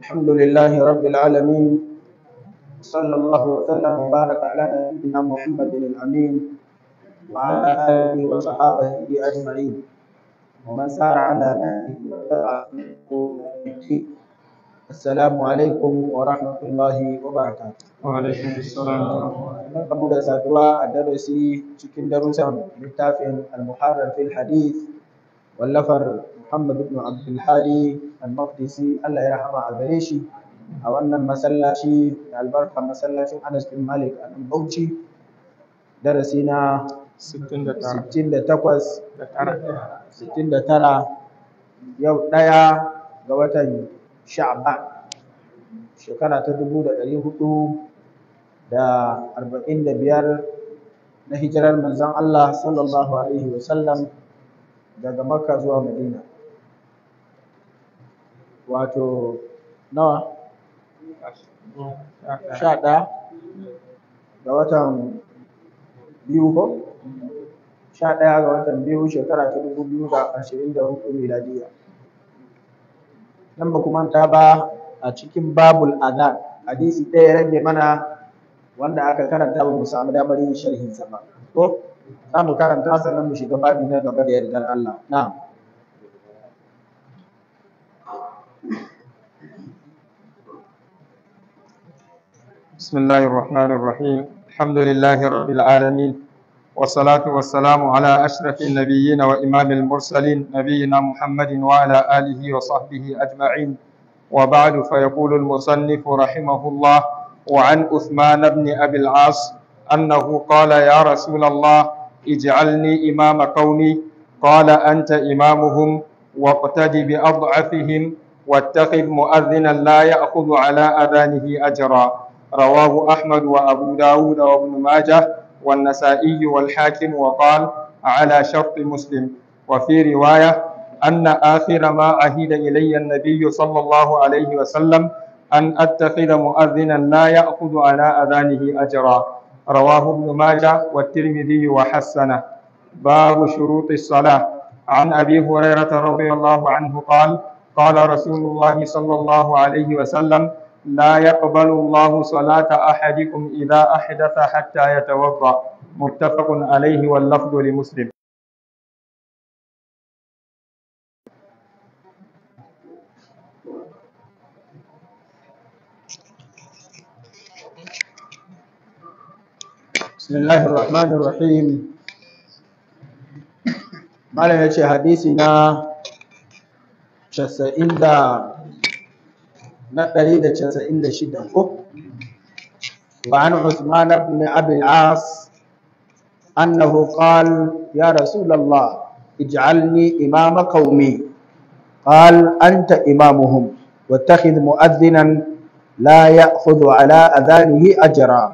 الحمد لله رب العالمين صلى الله وسلم وبارك على نبينا محمد الامين وعلى اله وصحبه اجمعين ومن سار على السلام عليكم ورحمة الله وبركاته. وعليكم السلام ورحمة الله سادوا الدرسي cikin darussan littafin al-Muharrar fil Hadith wallafar Muhammad ibn Abdul Hadi al-maqdisi Allah ya rahama a gare shi a wannan masallaci albarka masallacin Anas bin Malik a Bauchi darasi na 68 69 yau ɗaya ga watan Sha'ban shekara ta biyar na hijirar manzon Allah sallallahu alaihi wasallam daga Makka zuwa Madina wato nawa sha ɗaya ga watan biyu ko sha ɗaya ga watan biyu shekara ta dubu biyu da ashirin da hudu miladiya nan ba kuma ta ba a cikin babul adan hadisi ɗaya rage mana wanda aka karanta ba mu samu damar yin sharhin sa ba ko za mu karanta sannan mu shiga babi na gaba da yardar Allah na'am بسم الله الرحمن الرحيم الحمد لله رب العالمين والصلاة والسلام على أشرف النبيين وإمام المرسلين نبينا محمد وعلى آله وصحبه أجمعين وبعد فيقول المصنف رحمه الله وعن أثمان بن أبي العاص أنه قال يا رسول الله اجعلني إمام قومي قال أنت إمامهم واقتدي بأضعفهم واتخذ مؤذنا لا يأخذ على أذانه أجرا رواه أحمد وأبو داود وابن ماجه والنسائي والحاكم وقال على شرط مسلم وفي رواية أن آخر ما عهد إلي النبي صلى الله عليه وسلم أن أتخذ مؤذنا لا يأخذ على أذانه أجرا رواه ابن ماجه والترمذي وحسنه باب شروط الصلاة عن أبي هريرة رضي الله عنه قال قال رسول الله صلى الله عليه وسلم لا يقبل الله صلاة أحدكم إذا أحدث حتى يتوضأ متفق عليه واللفظ لمسلم بسم الله الرحمن الرحيم malam ya ce hadisi na 196 ko وعن عثمان بن أبي العاص أنه قال يا رسول الله اجعلني إمام قومي قال أنت إمامهم واتخذ مؤذنا لا يأخذ على أذانه أجرا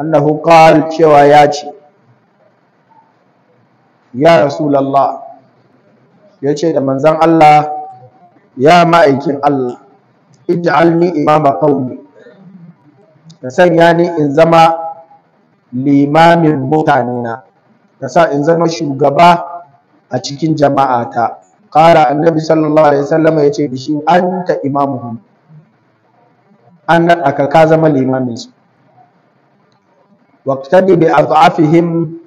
أنه قال شواياتي ya rasulallah ya ce da manzan Allah ya ma'aikin Allah ij'alni imama qaumi ka sanya ni in zama limamin mutanena ka sa in zama shugaba a cikin jama'ata qala annabi sallallahu alaihi wasallam ya ce bishi anta imamuhum an aka ka zama limamin su waqtadi bi adhafihim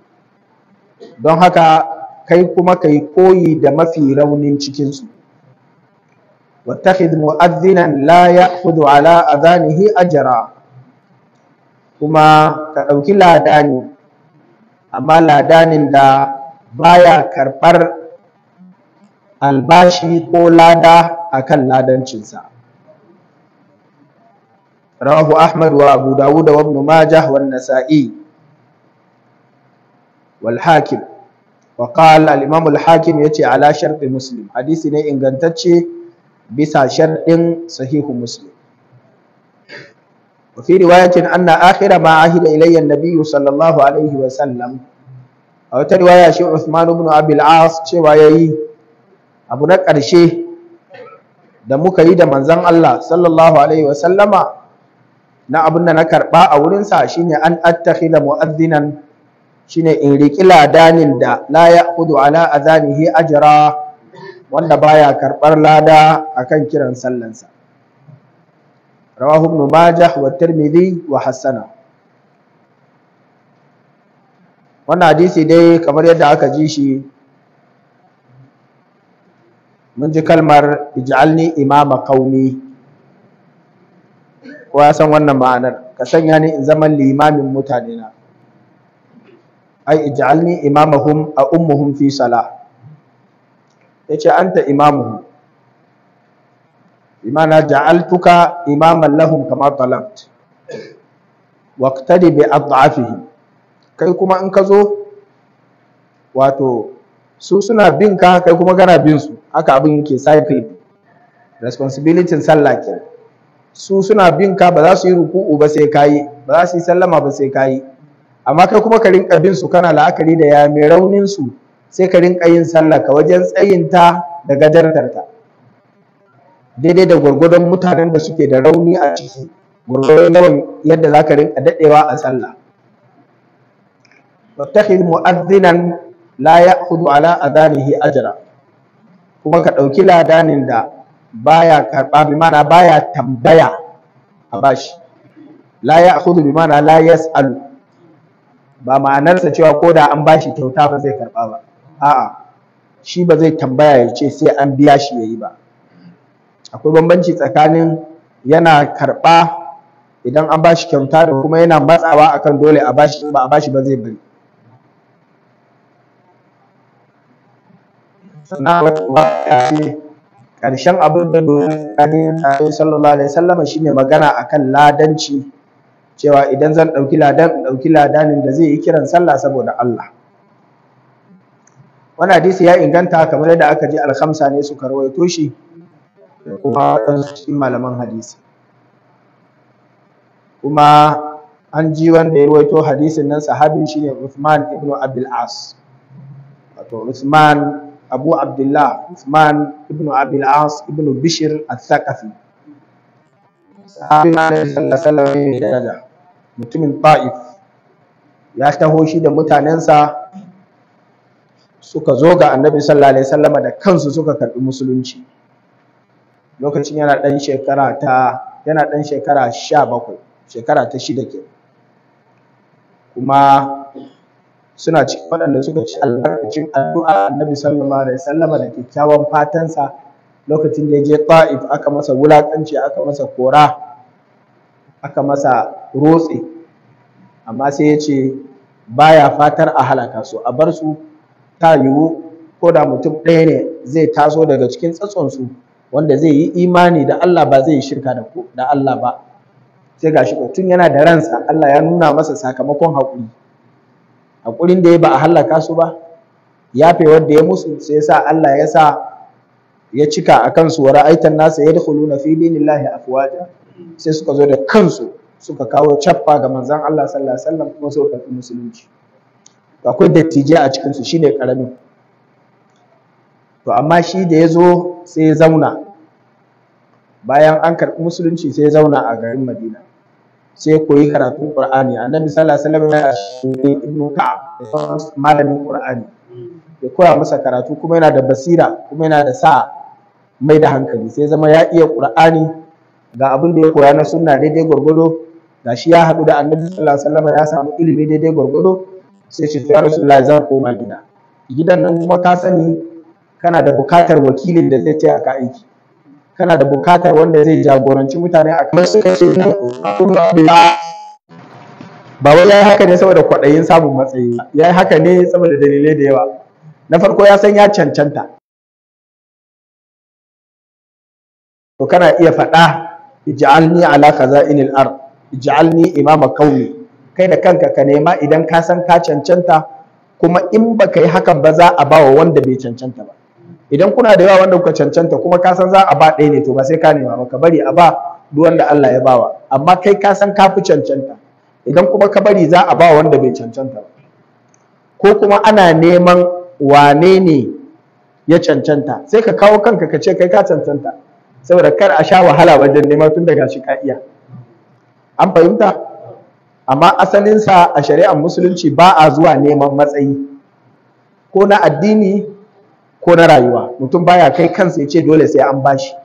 don haka kai kuma kai koyi da mafi raunin cikinsu wattakhidh mu'adhdhinan la ya'khudhu ala adhanihi ajra kuma ka ɗauki ladani amma ladanin da baya karɓar albashi ko lada akan ladancinsa rawahu ahmad wa abu dawud wa ibn majah wa nasa'i wal hakim wa qala al ala shartin muslim hadisi ne ingantacce bisa shartin sahihu muslim wa fi riwayatin anna akhira ma ahida ilayya an-nabiy sallallahu alaihi wa sallam a wata riwaya shi Uthman ibn Abi al-As cewa yayi abu na ƙarshe da muka yi da manzon Allah sallallahu alaihi wa sallama na abin da na karba a wurinsa shine an da mu'adhdhinan shine in riƙi ladanin da la ya kudu ala azanihi ajira wanda baya karɓar lada akan kiran sallansa rawahu ibn majah wa tirmidhi wa hassana wannan hadisi dai kamar yadda aka ji shi mun ji kalmar ij'alni imama qaumi ko ya san wannan ma'anar ka sanya ni in zama limamin mutanena. ai ij'alni imamahum a ummuhum fi sala yace anta imamuhum imana ja'altuka imaman lahum kama talabt waqtadi bi ad'afihim kai kuma in ka zo wato su suna bin ka kai kuma kana bin su haka abin yake cycle responsibility sallah kenan su suna bin ka ba za su yi ruku'u ba sai kayi ba za su yi sallama ba sai kayi amma kai kuma ka rinka bin su kana la'akari da ya mai raunin su sai ka rinka yin sallah ka wajen tsayinta da gadartarta daidai da gwargwadon mutanen da suke da rauni a ciki gwargwadon yawan yadda za ka rinka daɗewa a sallah wattakhidh mu'adhdhinan la ya'khudhu ala adanihi ajra kuma ka ɗauki ladanin da baya karɓa bi mana baya tambaya a bashi la ya'khudhu bi la yas'alu ba ma'anarsa cewa ko da an bashi kyauta ba zai karɓa ba a'a shi ba zai tambaya ya ce sai an biya shi ya yi ba akwai bambanci tsakanin yana karɓa idan an bashi kyauta da kuma yana matsawa akan dole a bashi ba a bashi ba zai bari sannan wata ce ƙarshen abin da dole sallallahu alaihi wasallam shine magana akan ladanci cewa idan zan ɗauki ladan in ɗauki ladanin da zai yi kiran sallah saboda Allah wani hadisi ya inganta kamar yadda aka ji alhamsa ne suka rawaito shi kuma ɗan cikin malaman hadisi kuma an ji wanda ya rawaito hadisin nan sahabin ne Uthman ibn Abdul As wato Uthman Abu Abdullah Uthman ibn Abdul As ibn Bishr al-Thaqafi sahabin Annabi sallallahu alaihi wasallam mutumin ta'if ya taho shi da mutanensa suka zo ga annabi sallallahu alaihi wasallama da kansu suka karɓi musulunci lokacin yana ɗan shekara ta yana ɗan shekara sha bakwai shekara ta shida ke kuma suna cikin waɗanda suka ci albarkacin addu'a annabi sallallahu alaihi wasallama da kyakkyawan fatansa lokacin da ya je ta'if aka masa wulaƙanci aka masa kora aka masa rotse amma sai ya ce baya fatar a halaka su a bar su ta yiwu ko da mutum ɗaya ne zai taso daga cikin tsatsonsu wanda zai yi imani da Allah ba zai yi shirka da ku da Allah ba sai gashi tun yana da ransa Allah ya nuna masa sakamakon haƙuri haƙurin da ya ba a halaka su ba yafe wanda ya musu sai sa Allah ya sa ya cika a kansu wa ra'aitan nasa yadkhuluna fi dinillahi afwaja sai suka zo da kansu suka kawo cappa ga manzon Allah sallallahu alaihi wasallam kuma suka karɓi musulunci akwai dattijai a cikinsu shine karamin to amma shi da yazo zo sai ya zauna bayan an karɓi musulunci sai ya zauna a garin madina sai ya koyi karatun qur'ani annabi sallallahu alaihi wasallam ya shi ibnu ka'ab malamin qur'ani ya koya masa karatu kuma yana da basira kuma yana da sa mai da hankali sai zama ya iya qur'ani ga abin da ya koya na sunna daidai gwargwado ga shi ya haɗu da annabi sallallahu alaihi wasallam ya samu ilimi daidai gwargwado sai shi ya rasulullahi zan koma gida gidan nan kuma ka sani kana da bukatar wakilin da zai ce aka aiki kana da bukatar wanda zai jagoranci mutane a kan suka ce ba wai yayi haka ne saboda kwaɗayin samun matsayi yayi haka ne saboda dalilai da yawa na farko ya san ya cancanta to kana iya faɗa ij'alni ala khaza'inil ard ij'alni imama qaumi kai da kanka ka nema idan ka san ka cancanta kuma in baka yi hakan ba za a ba wa wanda bai cancanta ba idan kuna da yawa wanda kuka cancanta kuma ka san za a ba ɗaya ne to ba sai ka nema ba ka bari a ba duk wanda Allah ya bawa amma kai ka san ka fi cancanta idan kuma ka bari za a ba wa wanda bai cancanta ba ko kuma ana neman wane ne ya cancanta sai ka kawo kanka ka ce kai ka cancanta saboda kar a sha wahala wajen neman tun daga shi kaiya an fahimta amma asalinsa a shari'ar musulunci ba a zuwa neman matsayi ko na addini ko na rayuwa mutum baya kai kansa ya ce dole sai an bashi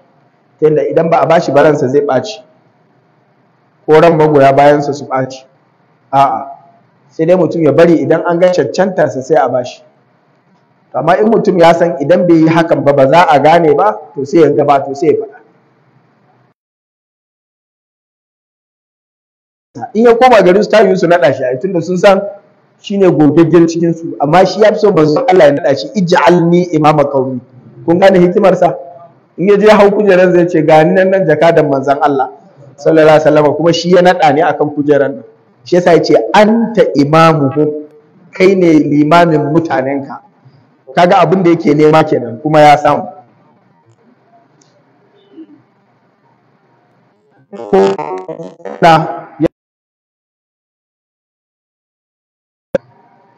ta yadda idan ba a bashi baransa zai ɓaci ko ran magoya bayansa su ɓaci a'a sai dai mutum ya bari idan an gan cancanta sai a bashi amma in mutum ya san idan bai yi hakan ba ba za a gane ba to sai ya gaba to sai ya faɗa in ya koma gari su ta yi su naɗa shi a tunda sun san shine gogaggen cikin su amma shi ya fi so manzon Allah ya naɗa shi ij'alni imama qaumi kun gane hikimar sa in ya je hau kujeran zai ce ga ni nan nan da manzon Allah sallallahu alaihi wasallam kuma shi ya naɗa ne akan kujeran nan shi yasa ya ce anta imamuhum kai ne limamin mutanenka kaga abin da yake nema kenan kuma ya samu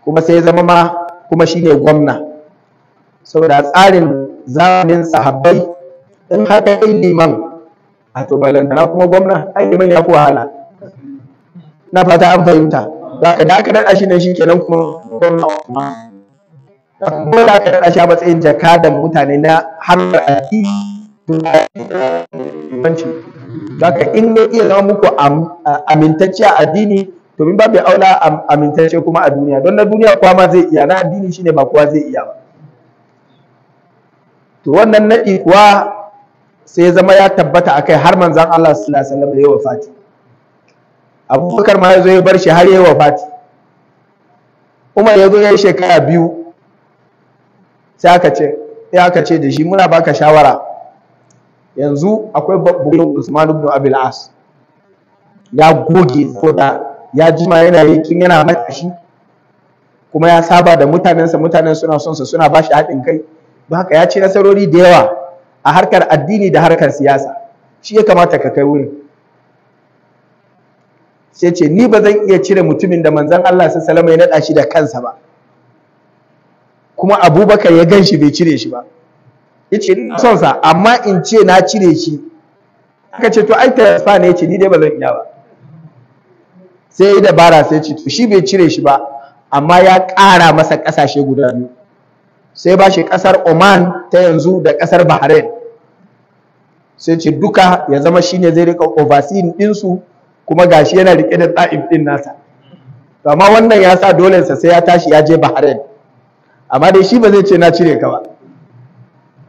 kuma sai zama ma kuma shine gwamna saboda tsarin zamanin sahabbai in haka yi liman a to na kuma gwamna ai liman ya fi wahala na fata an fahimta za ka da aka shi ne shi kenan kuma gwamna dole aka naɗa shi a matsayin da mutane na harkar addini Daga in ne iya zama muku amintacce a addini to min babu aula amintacce kuma a duniya don na duniya kuwa ma zai iya na addini shine ba kowa zai iya ba to wannan naɗi kuwa sai zama ya tabbata akai har manzon Allah sallallahu alaihi wasallam ya wafati Abubakar ma ya zo ya bar shi har ya wafati Umar ya zo ya yi shekara biyu sai aka ce sai aka ce da shi muna baka shawara yanzu akwai babban Usman ibn Abil As ya goge koda Ya ya jima yana yi kin yana matashi kuma ya saba da mutanensa mutanen suna son sa suna bashi haɗin kai don haka ya ci nasarori da yawa a harkar addini da harkar siyasa shi ya kamata ka kai wurin sai ce ni ba zan iya cire mutumin da manzon Allah sallallahu alaihi wasallam ya naɗa shi da kansa ba kuma abubakar ya gan shi bai cire shi ba ya ce ni son sa amma in ce na cire shi aka ce to ai transfer ne ya ce ni dai ba zan iya ba sai ya dabara sai ce to shi bai cire shi ba amma ya ƙara masa ƙasashe guda biyu sai ba shi ƙasar Oman ta yanzu da ƙasar Bahrain sai ce duka ya zama shine zai rika overseeing ɗinsu kuma gashi yana rike da ɗa'ib ɗin nasa amma wannan ya sa dolensa sai ya tashi ya je Bahrain amma dai shi ba zai ce na cire ka ba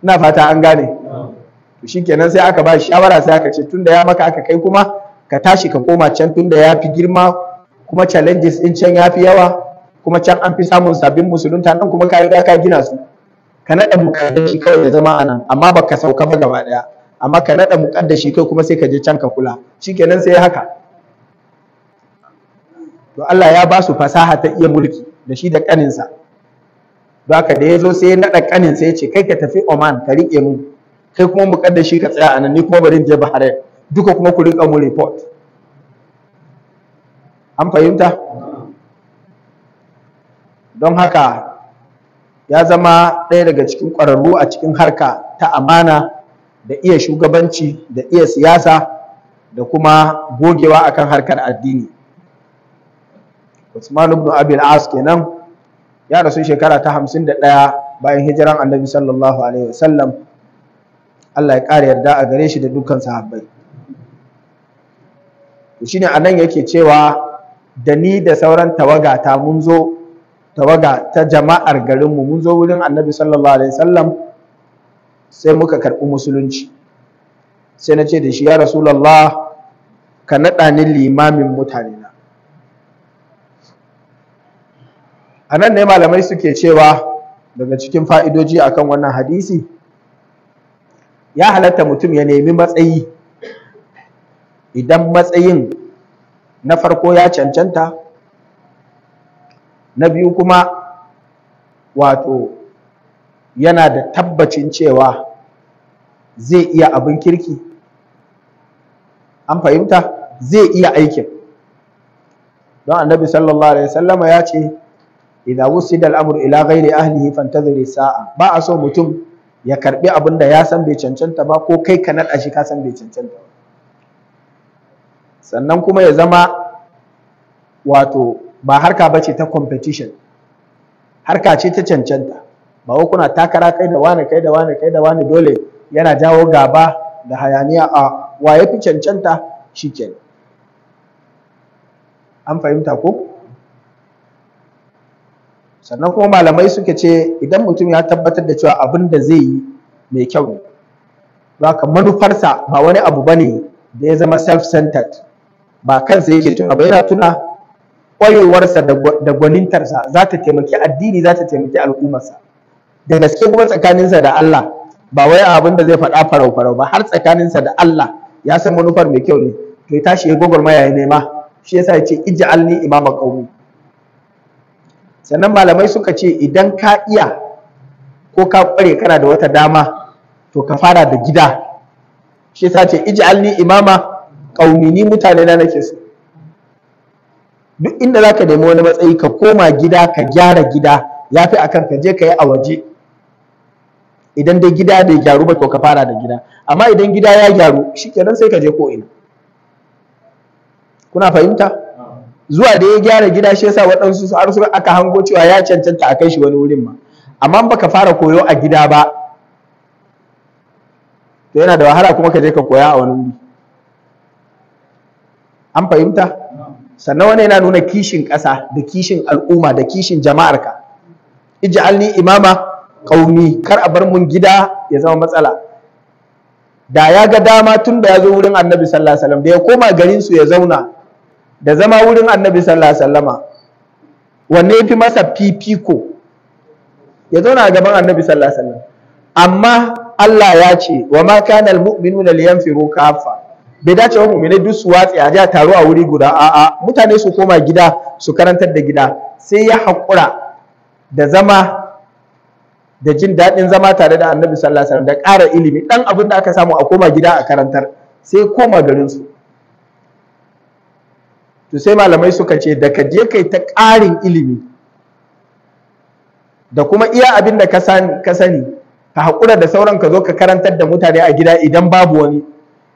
ina fata an gane to shikenan sai aka ba shawara sai aka ce tunda ya maka aka kai kuma ka tashi ka koma can tunda ya fi girma kuma challenges in can ya fi yawa kuma can an fi samun sabbin musulunta nan kuma ka riga ka gina su ka naɗa mukaddashi kawai da zama a nan amma baka sauka ba gaba ɗaya amma ka naɗa shi kai kuma sai ka je can ka kula shikenan sai haka to Allah ya ba su fasaha ta iya mulki da shi da ƙaninsa Baka da ya zo sai ya naɗa kanin sai ya ce kai ka tafi Oman ka rike mu kai kuma mu kadda shi ka tsaya a nan ni kuma bari in je Bahrain duka kuma ku rika mu report. An fahimta? Don haka ya zama ɗaya daga cikin ƙwararru a cikin harka ta amana da iya shugabanci da iya siyasa da kuma gogewa akan harkar addini. Usman ibn Abil As kenan ya rasu shekara ta hamsin da ɗaya bayan hijiran annabi sallallahu alaihi wasallam Allah ya ƙara yarda a gare shi da dukkan sahabbai to shine anan yake cewa da ni da sauran tawaga ta mun zo tawaga ta jama'ar garinmu mun zo wurin annabi sallallahu alaihi wasallam sai muka karɓi musulunci sai na ce da shi ya rasulallah ka naɗa ni limamin mutane anan ne malamai suke cewa daga cikin fa'idoji akan wannan hadisi ya halatta mutum ya nemi matsayi idan matsayin na farko ya cancanta na biyu kuma wato yana da tabbacin cewa zai iya abin kirki an fahimta zai iya aikin don annabi sallallahu alaihi wasallama ya ce idan wusi da al’amur ila ghairi ahlihi fantaziri sa'a ba a so mutum ya karɓi abin ya san bai cancanta ba ko kai ka nada shi ka san bai cancanta ba sannan kuma ya zama wato ba harka bace ta competition harka ce ta cancanta ba wai kuna takara kai da wani kai da wani kai da wani dole yana jawo gaba da hayaniya a wa yafi cancanta shikenan an fahimta ko sannan kuma malamai suka ce idan mutum ya tabbatar da cewa abin da zai yi mai kyau ne ba ka manufarsa ba wani abu ba ne da ya zama self-centered ba kansa yake tuna ba yana tuna ƙwayowarsa da gwanintarsa za ta taimaki addini za ta taimaki al'ummarsa da gaske kuma tsakaninsa da Allah ba wai abin da zai faɗa farau-farau ba har tsakaninsa da Allah ya san manufar mai kyau ne to ya tashi ya gwagwarmaya ya nema shi yasa ya ce ij'alni imama qaumi sannan malamai suka ce idan ka iya ko ka kware kana da wata dama to ka fara da gida shi ta ce ij'alni imama ƙaunini mutane na nake so duk inda zaka ka nemi wani matsayi ka koma gida ka gyara gida ya fi akan ka je ka yi a waje idan dai gida bai gyaru ba to ka fara da gida amma idan gida ya gyaru shikenan sai ka je ko'ina, ina kuna fahimta zuwa da ya gyara gida shi yasa waɗansu har su aka hango cewa ya cancanta a kai shi wani wurin ma amma baka fara koyo a gida ba to yana da wahala kuma ka je ka koya a wani wuri an fahimta sannan wani yana nuna kishin ƙasa da kishin al'umma da kishin jama'arka ij'alni imama qaumi kar a bar mun gida ya zama matsala da ya ga dama tun da ya zo wurin annabi sallallahu alaihi wasallam da ya koma garin su ya zauna da zama wurin annabi sallallahu alaihi wasallama wanne fi masa fifiko ya zauna a gaban annabi sallallahu alaihi amma Allah ya ce wa ma kana almu'minuna liyanfiru kafa bai dace wa mu'minai duk su watsi a ja taro a wuri guda a'a mutane su koma gida su karantar da gida sai ya haƙura da zama da jin daɗin zama tare da annabi sallallahu alaihi wasallam da ƙara ilimi dan abin da aka samu a koma gida a karantar sai koma garin su to sai malamai suka ce da ka je kai ta ƙarin ilimi da kuma iya abin da ka sani ka haƙura da sauran ka zo ka karantar da mutane a gida idan babu wani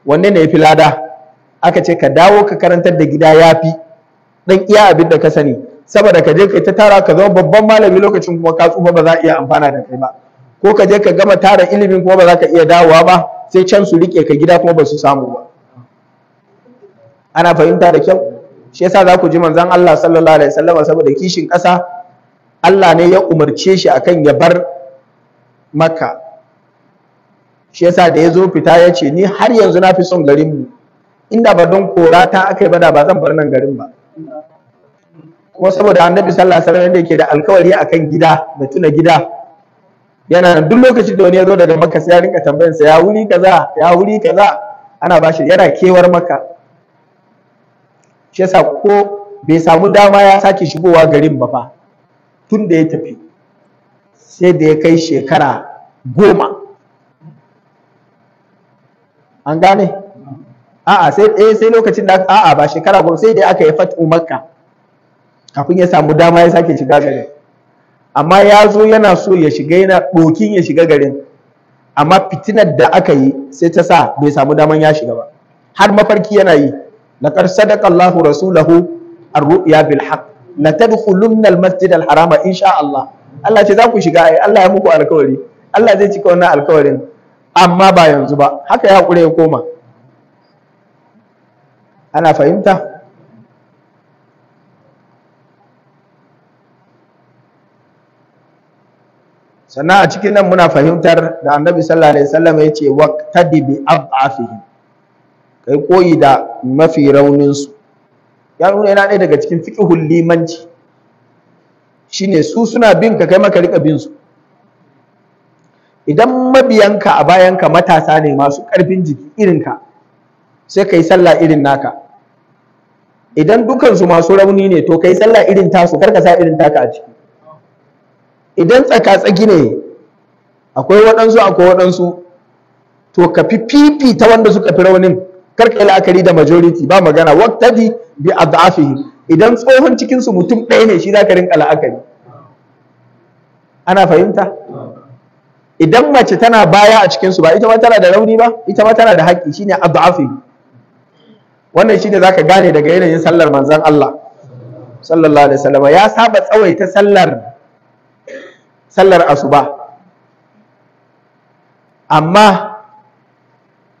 wanne ne ya fi lada aka ce ka dawo ka karantar da gida ya fi ɗan iya abin da ka sani saboda ka je kai ta tara ka zama babban malami lokacin kuma ka tsufa ba za a iya amfana da kai ba ko ka je ka gama tara ilimin kuma ba za ka iya dawowa ba sai can su riƙe ka gida kuma ba su samu ba ana fahimta da kyau shi yasa za ku ji manzon Allah sallallahu alaihi wasallam saboda kishin ƙasa Allah ne ya umarce shi akan ya bar Makka shi yasa da ya zo fita ya ce ni har yanzu na fi son garin mu inda ba don kora ta aka yi bada ba zan bar nan garin ba kuma saboda annabi sallallahu alaihi wasallam da yake da alkawari akan gida da tuna gida yana duk lokacin da wani ya zo daga Makka sai ya rinka tambayar sa ya wuri kaza ya wuri kaza ana bashi yana kewar Makka shi yasa ko bai samu dama ya sake shigowa garin ba fa tun da ya tafi sai da ya kai shekara goma an gane a'a sai eh sai lokacin da a'a ba shekara goma sai da aka yi fatu makka kafin ya samu dama ya sake shiga garin amma ya zo yana so ya shiga yana ɗokin ya shiga garin amma fitinar da aka yi sai ta sa bai samu daman ya shiga ba har mafarki yana yi laqad sadaqa Allahu rasulahu ar-ru'ya bil haqq la tadkhulunna al-masjid harama insha Allah ce za ku shiga ai Allah ya muku alkawari Allah zai cika wannan alkawarin amma ba yanzu ba haka ya hakure ya koma ana fahimta sannan a cikin nan muna fahimtar da annabi sallallahu alaihi wasallam ya ce waqtadi bi ad'afihim kai koyi da mafi rauninsu ya nuna yana ɗaya daga cikin fiƙihun limanci shine su suna bin ka kai maka riƙa bin su idan mabiyanka a bayanka matasa ne masu ƙarfin jiki irinka sai ka yi sallah irin naka idan dukansu masu rauni ne to ka yi sallah irin tasu kar ka sa irin taka a ciki idan tsaka-tsaki ne akwai waɗansu akwai waɗansu to ka fi fifita wanda suka fi raunin karka la'akari da majority ba magana waqtadi bi ad'afihi idan tsohon cikin su mutum ɗaya ne shi zaka rinka la'akari ana fahimta idan mace tana baya a cikin su ba ita ma tana da rauni ba ita ma tana da haƙƙi shine ad'afihi wannan shine zaka gane daga yanayin sallar manzon Allah sallallahu alaihi wasallam ya saba tsawaita sallar sallar asuba amma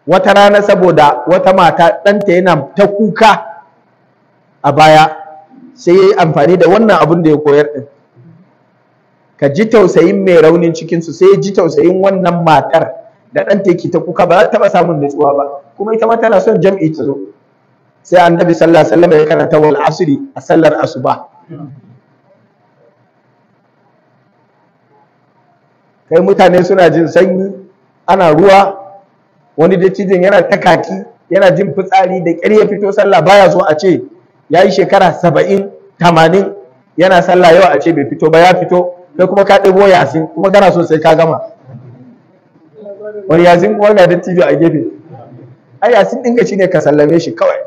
wata rana saboda wata mata ɗanta yana ta kuka a baya sai ya yi amfani da wannan abin da ya koyar ɗin ka ji tausayin mai raunin cikinsu sai ya ji tausayin wannan matar da ɗanta yake ta kuka ba za ta taɓa samun nutsuwa ba kuma ita ma tana son jam'i ta zo sai annabi sallallahu alaihi wasallam ya karanta wal asri a sallar asuba kai mutane suna jin sanyi ana ruwa wani dattijon yana ta kaki yana jin fitsari da ƙyar ya fito sallah baya so a ce ya yi shekara saba'in tamanin yana sallah yau a ce bai fito ba ya fito kai kuma ka ɗigo yasin kuma kana so sai ka gama wani yasin kuma yana dattijo a gefe ai yasin ɗinka shine ka sallame shi kawai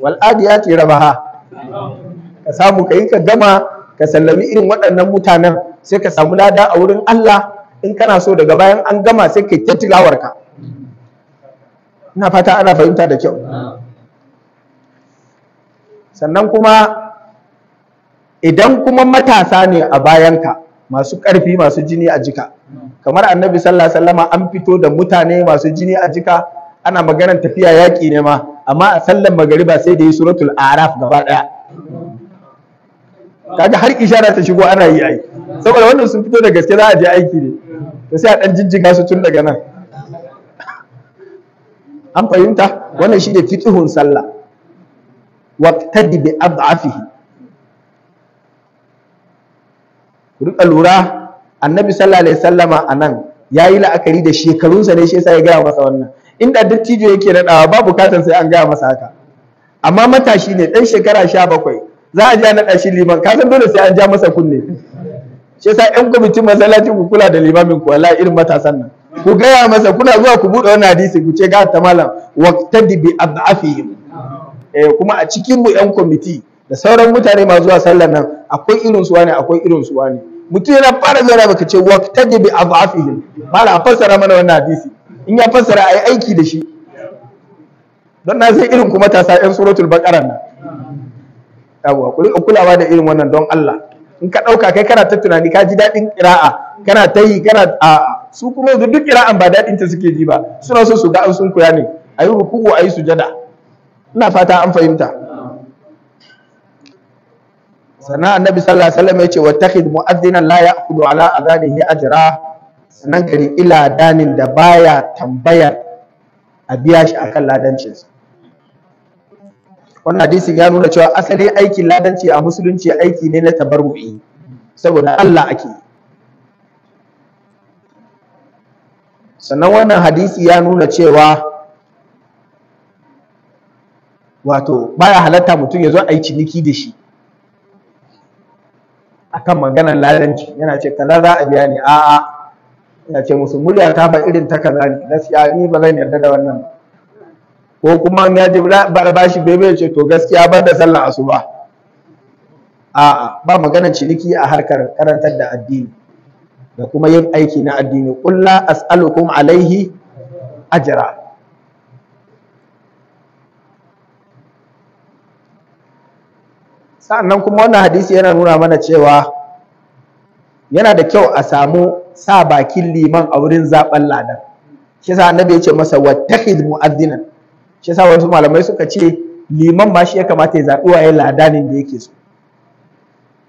wal'adi ya ce rabaha ka samu ka yi ka gama ka sallami irin waɗannan mutanen sai ka samu lada a wurin Allah in kana so daga bayan an gama sai ka ta tilawarka ina fata ana fahimta da kyau sannan kuma idan kuma matasa ne a bayanka masu ƙarfi masu jini a jika kamar annabi sallallahu alaihi wasallam an fito da mutane masu jini a jika ana maganar tafiya yaƙi ne ma amma a sallan magariba sai da yi suratul araf gaba ɗaya kaga har isharar ta shigo ana yi ai saboda wannan sun fito da gaske za a je aiki ne to sai a dan jijjiga su tun daga nan an fahimta wannan shi ne fiqhun sallah tadi bi ad'afihi rika lura annabi sallallahu alaihi wasallama anan yayi la'akari da shekarunsa ne shi yasa ya gaya masa wannan inda dattijo yake nadawa ba bukatan sai an gaya masa haka amma matashi ne dan shekara sha bakwai za a ja naɗa shi liman ka san dole sai an ja masa kunne shi yasa yan kwamitin masallacin ku kula da limamin ku wallahi irin matasan nan ku gaya masa kuna zuwa ku buɗe wannan hadisi ku ce ga ta malam waqtadi bi adafihim eh kuma a cikin mu yan kwamiti da sauran mutane masu zuwa sallar nan akwai irin su wani akwai irin su wani mutum yana fara zuwa baka ce waqtadi a adafihim malam a fassara mana wannan hadisi in ya fassara yi aiki da shi don na san irin kuma ta sa yan suratul baqara nan yawa ku rika kulawa da irin wannan don Allah in ka dauka kai kana ta tunani ka ji dadin qira'a kana ta yi kana a'a su kuma da duk kira'an ba daɗin ta suke ji ba suna so su ga an sun koya ne a yi ruku'u a yi sujada ina fata an fahimta sannan annabi sallallahu alaihi wasallam ya ce wattakhid mu'adhdhinan la ya'khudhu ala adhanihi ajra sannan gari ila danin da baya tambayar a biya shi akan ladancinsa wannan hadisin ya nuna cewa asalin aikin ladanci a musulunci aiki ne na tabarru'i saboda Allah ake sannan wannan hadisi ya nuna cewa wato baya halatta mutum ya zo a yi ciniki da shi akan maganar lalanci yana ce kaza za a biya ni a'a yana ce musu murya ta fa irin ta kaza ne gaskiya ni ba zan yarda da wannan ko kuma ya ji ba shi bebe ce to gaskiya ban da sallar asuba a'a ba maganar ciniki a harkar karantar da addini da kuma yin aiki na addini ƙulla as'alukum alaihi ajra sa'annan kuma wannan hadisi yana nuna mana cewa yana da kyau a samu sa bakin liman a wurin zaben ladan shi yasa annabi ya ce masa "Wa wattakhid mu'adhdhinan shi yasa wasu malamai suka ce liman ba shi ya kamata ya zabi waye ladanin da yake so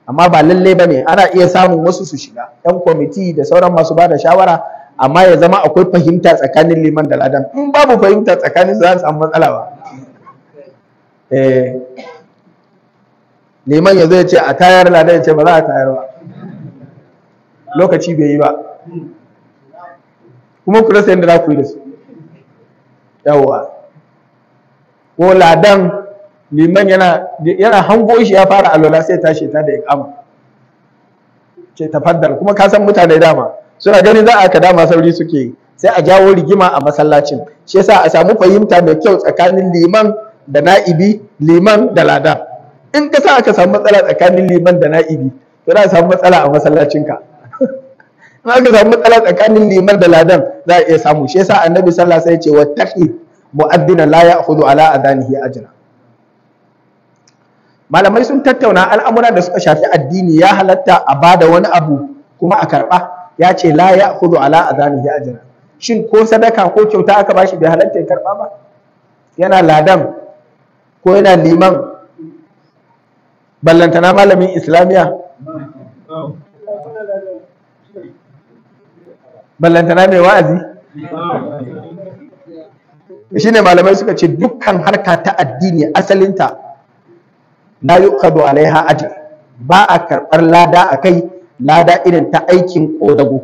amma ba lalle bane ana iya samun wasu su shiga yan kwamiti da sauran masu bada shawara amma ya zama akwai fahimta tsakanin liman da ladan in babu fahimta tsakanin za a samu matsala ba eh, liman ya zai ce a tayar ladan ya ce ba za a tayar ba lokaci bai yi ba kuma ku rasa yadda za ku yi da su yawwa ko ladan liman yana hango shi ya fara alwala sai tashi ta da iqama ce tafaddal kuma ka san mutane dama suna ganin za a ka dama sauri suke sai a jawo rigima a masallacin shi yasa a samu fahimta mai kyau tsakanin liman da na'ibi liman da lada in ka sa aka samu matsala tsakanin liman da na'ibi to za a samu matsala a masallacinka in aka samu matsala tsakanin liman da ladan za a iya samu shi yasa annabi sallallahu alaihi wasallam ya ce wa taqi mu'addina la ya'khudhu ala adanihi ajra malamai sun tattauna al'amuran da suka shafi addini ya halatta a bada wani abu kuma a karba ya ce la ya hudu ala ya ajra shin ko sadaka ko kyauta aka bashi bai halatta ya karba ba yana ladan ko yana liman ballantana malamin islamiya ballantana mai wa'azi shine malamai suka ce dukkan harka ta addini asalinta Na la yuqadu alaiha aji ba a karɓar lada a kai lada irin ta aikin ƙodago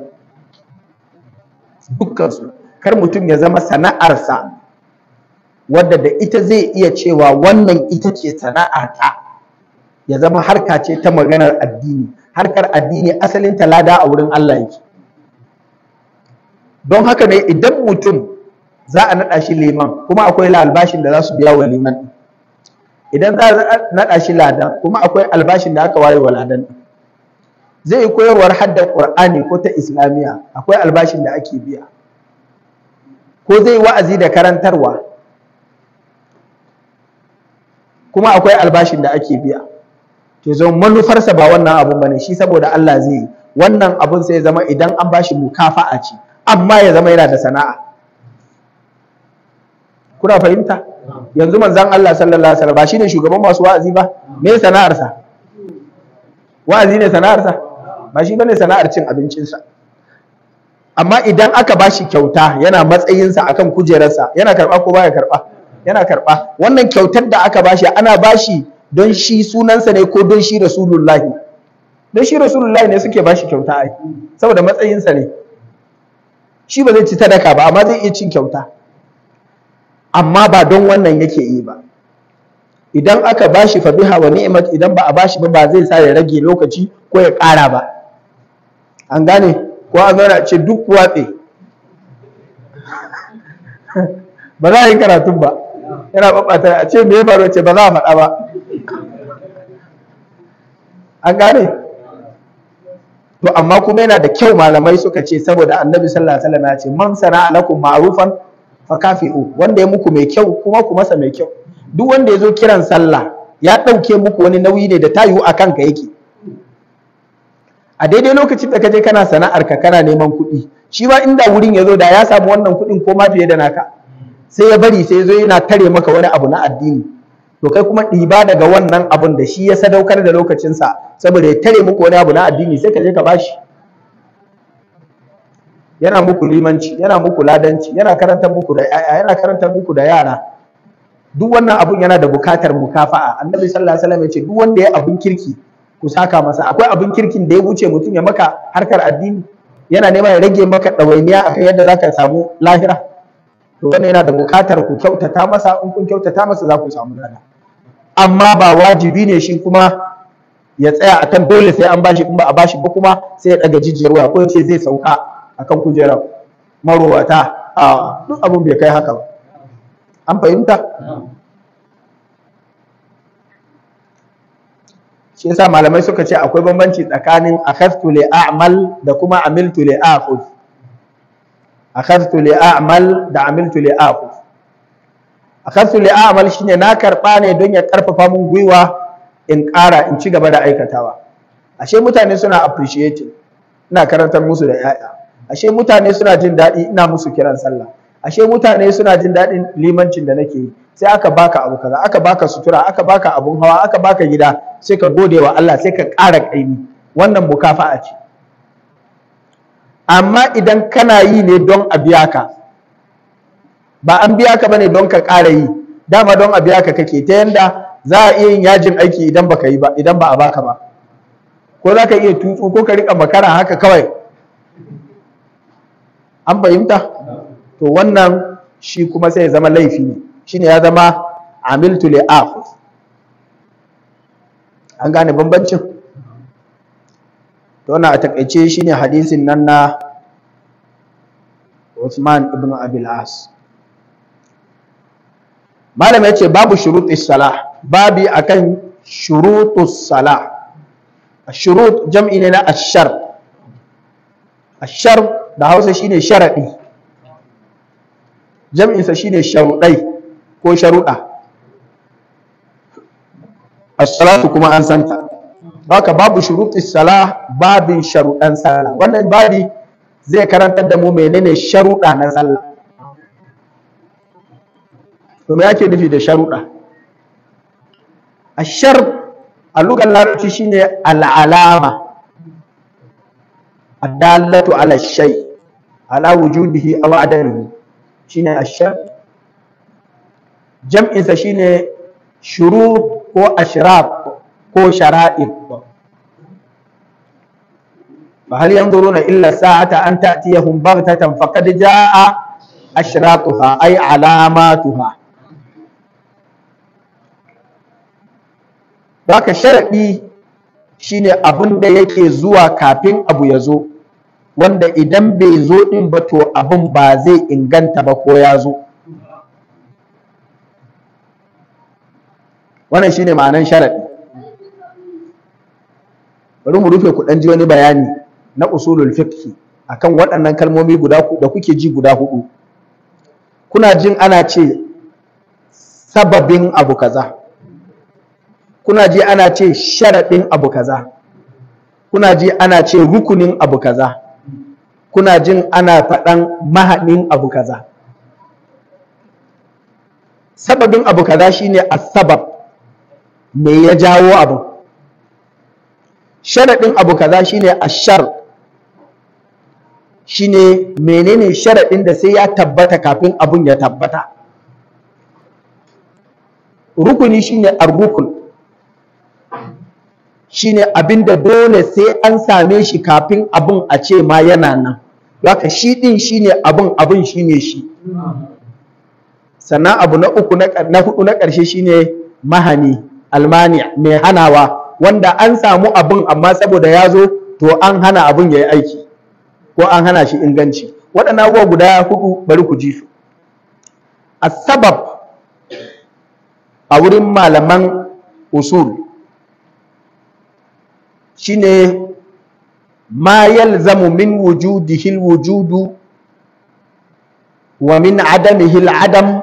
dukkansu kar mutum ya zama sana'arsa wadda da ita zai iya cewa wannan ita ce sana'arta, ya zama harka ce ta maganar addini harkar addini asalin ta lada a wurin Allah yake don haka ne idan mutum za a naɗa shi liman kuma akwai albashin da za su biya wa liman idan za a naɗa shi ladan kuma akwai albashin da aka wayewa ladan zai yi koyarwar haddar ƙur'ani ko ta islamiyya akwai albashin da ake biya ko zai wa'azi da karantarwa kuma akwai albashin da ake biya to zan manufarsa ba wannan abun bane shi saboda Allah zai yi wannan abun sai zama idan an bashi mukafa'a ce amma ya zama yana da sana'a kuna fahimta yanzu manzan Allah sallallahu alaihi wasallam ba ne shugaban masu wa'azi ba me sana'arsa wa'azi ne sana'arsa ba shi bane sana'ar cin abincinsa amma idan aka bashi kyauta yana matsayinsa akan kujerarsa yana karba ko baya karba yana karba wannan kyautar da aka bashi ana bashi don shi sunansa ne ko don shi rasulullahi don shi rasulullahi ne suke bashi kyauta ai saboda matsayinsa ne shi ba zai ci daka ba amma zai iya cin kyauta amma ba don wannan yake yi ba idan aka bashi fa biha wa ni'mat idan ba a bashi ba ba zai sa ya rage lokaci ko ya ƙara ba an gane ko an zauna ce duk watsi ba za a yi karatun ba yana babbata a ce me ya faru ce ba za a faɗa ba an gane to amma kuma yana da kyau malamai suka ce saboda annabi sallallahu alaihi wasallam ya ce man sana'a lakum ma'rufan fakafi'u wanda ya muku mai kyau kuma ku masa mai kyau duk wanda ya zo kiran sallah ya ɗauke muku wani nauyi ne da tayu a ka yake a daidai lokacin da ka je kana sana'ar ka kana neman kuɗi shi ma inda wurin ya zo da ya samu wannan kuɗin ko ma fiye da naka sai ya bari sai ya zo yana tare maka wani abu na addini to kai kuma ɗiba daga wannan abun da shi ya sadaukar da lokacinsa saboda ya tare muku wani abu na addini sai ka je ka bashi yana muku limanci yana muku ladanci yana karantar muku da yana karantar muku da yara duk wannan abun yana da bukatar mukafa'a annabi sallallahu alaihi wasallam ya ce duk wanda ya abun kirki ku saka masa akwai abun kirkin da ya wuce mutum ya maka harkar addini yana nema ya rage maka ɗawainiya akan yadda zaka samu lahira to wannan yana da bukatar ku kyautata masa in kun kyautata masa za ku samu lada amma ba wajibi ne shi kuma ya tsaya akan dole sai an bashi in ba a bashi ba kuma sai ya ɗaga jijiyar waya ko ce zai sauka akan kujerar marowata a duk abin bai kai haka ba an fahimta shi yasa malamai suka ce akwai bambanci tsakanin akhadtu li a'mal da kuma amiltu li akhud akhadtu li a'mal da amiltu li akhud akhadtu li a'mal shine na karba ne don ya karfafa mun gwiwa in ƙara in ci gaba da aikatawa ashe mutane suna appreciating ina karantar musu da 'ya'ya ashe mutane suna jin daɗi ina musu kiran sallah ashe mutane suna jin daɗin limancin da nake yi sai aka baka abu kaza aka baka sutura aka baka abun hawa aka baka gida sai ka gode wa Allah sai ka ƙara ƙaimi wannan mukafa'a ce amma idan kana yi ne don a biya ka ba an biya ka bane don ka ƙara yi dama don a biya ka kake ta yanda za a iya yin yajin aiki idan yi ba idan ba a baka ba ko za ka iya tutsu ko ka riƙa makara haka kawai an fahimta to wannan shi kuma sai ya zama laifi ne shine ya zama amiltu li an gane bambancin to wannan a takaice shine hadisin nan na Usman ibn Abil As malam ya ce babu shurutis salah babi akan shurutus sala shurut jam'i ne na ashar ashar da hausa shine sharaɗi jam'insa shine sharuɗai ko sharuɗa as-salatu kuma an santa haka babu shuruɗi sala babin sharuɗan sala wannan babi zai karantar da mu menene sharuɗa na sallah to me ake nufi da sharuɗa ashar a lugar larabci shine al'alama addallatu ala shay ala wujudihi aw adamihi shine ashar jam'in sa shine shurut ko ashrab ko shara'ib fa hal yanzuruna illa sa'ata an ta'tiyahum baghtatan faqad ja'a ashratuha ay alamatuha baka sharadi shine abin da yake zuwa kafin abu ya zo wanda idan bai zo din ba to abin ba zai inganta ba ko ya zo wannan shine ma'anan sharadi bari mu rufe kuɗan ji wani bayani na usulul fiqh akan waɗannan kalmomi guda da kuke ji guda hudu kuna jin ana ce sababin abu kaza kuna ji ana ce sharaɗin abu kaza kuna ji ana ce rukunin abu kaza kuna jin ana faɗan mahaɗin abu kaza sababin abu kaza shine sabab me ya jawo abu sharaɗin abu kaza shine ashar shine menene sharaɗin da sai ya tabbata kafin abun ya tabbata rukuni shine rukun. shine abin da dole sai an same shi kafin abun a ce ma yana nan Zaka shi ɗin shi ne abin abin shi ne shi. Sannan abu na uku na hudu na ƙarshe shi ne mahani, almani mai hanawa, wanda an samu abin amma saboda ya zo to an hana abin ya yi aiki ko an hana shi inganci. Waɗanda abubuwa guda hudu bari ku ji su. A sabab a wurin malaman usul shine ma yalzamu min wujudihi alwujudu wa min adamihi aladam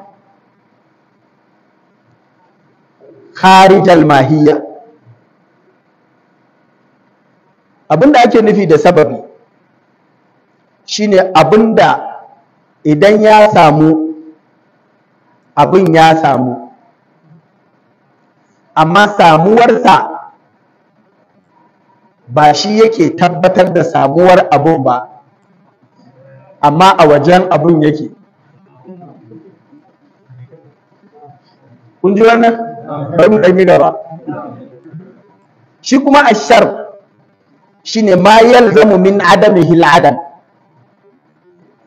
kharij almahiyya abinda ake nufi da sababi shine abinda idan ya samu abin ya samu amma samuwarsa ba shi yake tabbatar da samuwar abun ba amma a wajen abun yake kun ji wannan bari mu ɗan gaba shi kuma ashar shine ma yalzamu min adamihi al-adam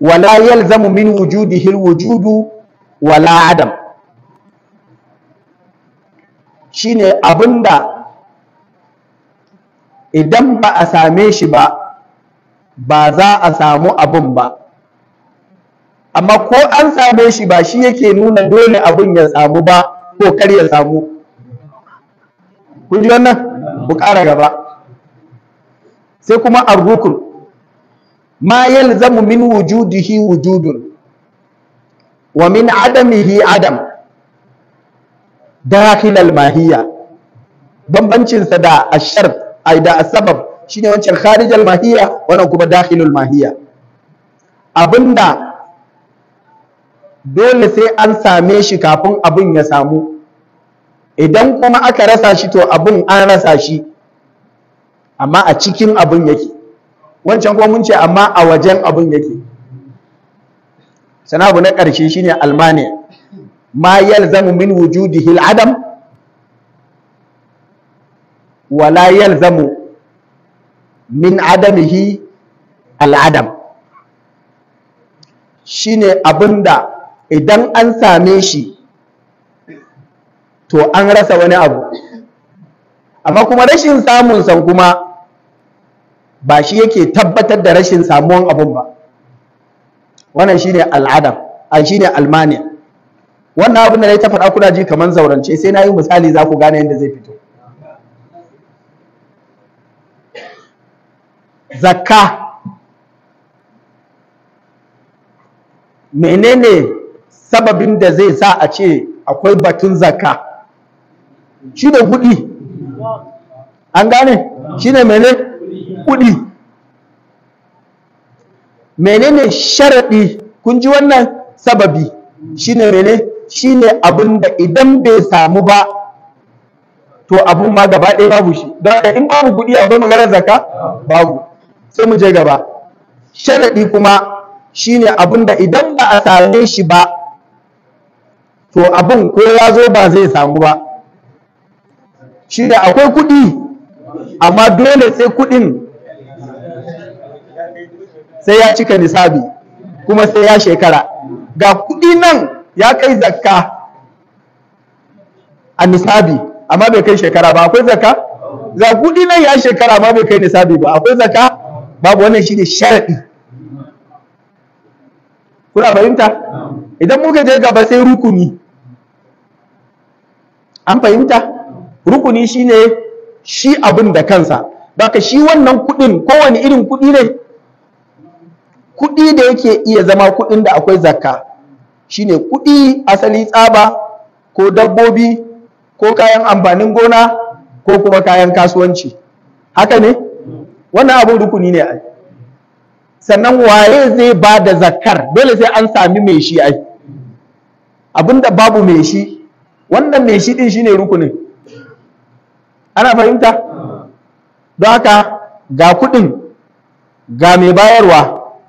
wala yalzamu min wujudihi al-wujudu wala adam shine abinda idan ba a same shi ba ba za a samu abun ba amma ko an same shi ba shi yake nuna dole abun ya samu ba ko kar ya samu kun ji wannan ku gaba sai kuma arrukun ma zamu min wujudihi wujudun wa min adamihi adam dakhil mahiya. mahiyya bambancinsa da asharf Aida, a sabab shine wancan kharijal mahiya wannan kuma dakhilul mahiya abinda dole sai an same shi kafin abin ya samu idan kuma aka rasa shi to abin an rasa shi amma a cikin abin yake wancan kuma mun ce amma a wajen abin yake sana na karshe shine almani ma yalzamu min wujudihi hil'adam. ولا يلزم من عدمه al'adam shine abinda idan an same shi to an rasa wani abu amma kuma rashin samun san kuma ba shi yake tabbatar da rashin samuwan abun ba wannan shine al'adam an shine almani wannan abin da nayi ta faɗa kuna ji kamar zaurance sai na yi misali za ku gane yadda zai fito zakka menene sababin da zai sa a ce akwai batun zakka shi da kuɗi an gane shi ne mene kuɗi menene sharaɗi kun ji wannan sababi shi ne mene shi ne abin da idan bai samu ba to abin ma gaba ɗaya babu shi don in babu kuɗi a zama maganar zaka? babu sai mu je gaba sharadi kuma shine abinda idan ba a same shi ba to abin ko ya zo ba zai samu ba shi da akwai kuɗi amma dole sai kuɗin sai ya cika nisabi kuma sai ya shekara ga kuɗi nan ya kai zakka a nisabi amma bai kai shekara ba akwai zakka ga kuɗi nan ya shekara amma bai kai nisabi ba akwai zakka babu wannan shi ne sharaɗi kuna fahimta idan muka je gaba sai rukuni an fahimta rukuni shi ne shi abin da kansa baka shi wannan kuɗin kowane irin kuɗi ne kuɗi da yake iya zama kuɗin da akwai zakka shi ne kuɗi asali tsaba ko dabbobi ko kayan amfanin gona ko kuma kayan kasuwanci haka ne wannan abin rukuni ne ai sannan waye zai ba da zakar dole sai an sami mai shi ai abinda babu mai shi wannan mai shi din shine rukunin ana fahimta don haka ga kudin ga mai bayarwa